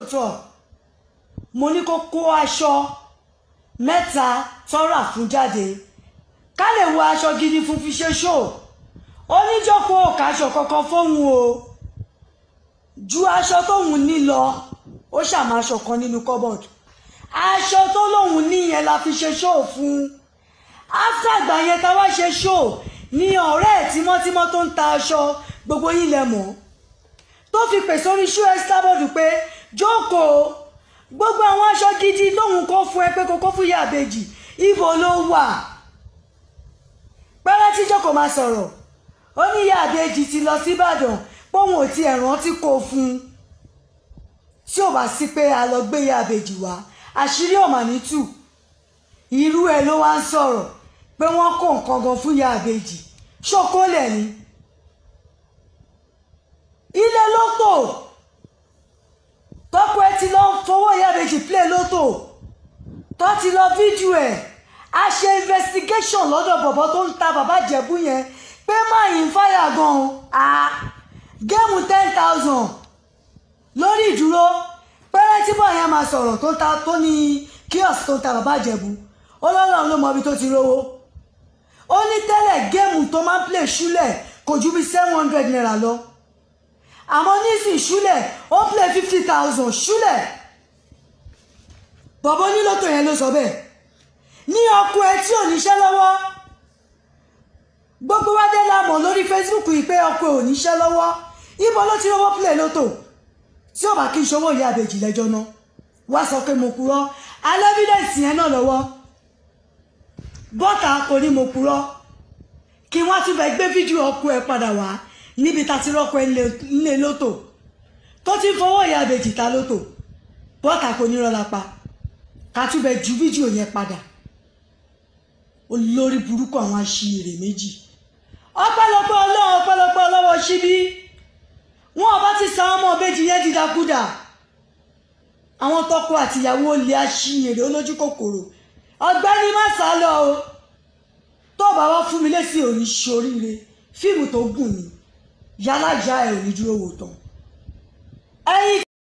lóòótọ́ mo ní kó kó aṣọ mẹ́ta tọ́ra fún jáde ká lè wọ aṣọ gidi fún fi ṣe ṣó oníjọ́kọ̀ òkàṣọ kankan fóun o ju aṣọ tóun ní lọ ó ṣàmáṣọ kan nínú cupboard aṣọ tó lóun níyẹn la fi ṣe ṣó fún after ìgbà yẹn tá wá ṣe ṣó ni ọ̀rẹ́ ẹ̀ tímọ́tímọ́ tó ń ta aṣọ gbogbo yín lẹ mọ̀ tó fi pèsè orí ẹ́ sábọ́dù pé jókòó gbogbo àwọn aṣọ gidi tóun kó fún ẹ pé kókó fún ìyá àbèjì ibo ló wà pẹ́rẹ́ tí jókòó máa sọ̀rọ̀ ó ní ìyá àbèjì ti lọ síbàdàn póun ò ti ẹ̀ràn tí kò fún un tí ò bá sí pé a lọ gbé ìyá àbèjì wá àṣírí ọ̀mà tù irú ẹ ló wá ń sọ̀rọ̀ pé wọ́n kó nǹkan gan fún ìyá àbèjì ṣókólẹ̀ ni ilé ló pọ̀. wọ́n ti lọ fídíò ẹ̀ a ṣe investigation lọ́dọ̀ bọ̀bọ̀ tó ń ta bàbá jẹ̀bú yẹn pé máa yìn fáyà gan-an a géèmù ten thousand lórí ìdúró pẹ́rẹ́tì bọ̀ yẹn máa sọ̀rọ̀ tó ta tó ní kíọ̀sì tó ń ta bàbá jẹ̀bú ọlọ́run ló mọ ibi tó ti rówó ó ní tẹ́lẹ̀ géèmù tó máa ń plè ṣúlẹ̀ kò ju bí seven hundred naira lọ àmọ́ nísìnyí ṣúlẹ̀ ó plè fifty thousand ṣúlẹ̀ bàbá onílọ́tọ̀ yẹn ló sọ bẹ́ẹ̀ ní ọkọ ẹ tí ò níṣẹ́ lọ́wọ́ gbogbo wa dé la mọ̀ lórí Facebook yìí pé ọkọ ò níṣẹ́ lọ́wọ́ ibo ló ti rówó plẹ̀ lóto tí ò bá kí n ṣọwọ́ ìyá àbèjì lẹ́jọ́ náà wá sọ pé mo purọ́ alẹ́bídẹ̀sì yẹn náà lọ́wọ́ bọ́tà kò ní mo purọ́ kí wọ́n tún bẹ gbé fídíò ọkọ ẹ padà wá níbi tá ti rọ́kọ ẹ nílé lóto tó ti fọwọ́ ìyá àbèjì ta lóto bọ́tà kò ní rọ́lá pa ká tún bẹ ju fídíò yẹn padà olórí burúkú àwọn aṣiire méjì ọpẹ́lọpẹ́ Ọlọ́run ọpẹ́lọpẹ́ ọlọwọ síbí wọn ọba ti sa ọmọ ìbejì yẹn dídákúdà àwọn tọkọ àtìyàwó olè aṣiire olójú kòkòrò ọ̀gbẹ́ni má sá lọ o tó bá wá fún mi lésì òní ṣoríire fíìmù tó gùn ni yálà já ẹ ò dúró wò tán ẹ̀yin.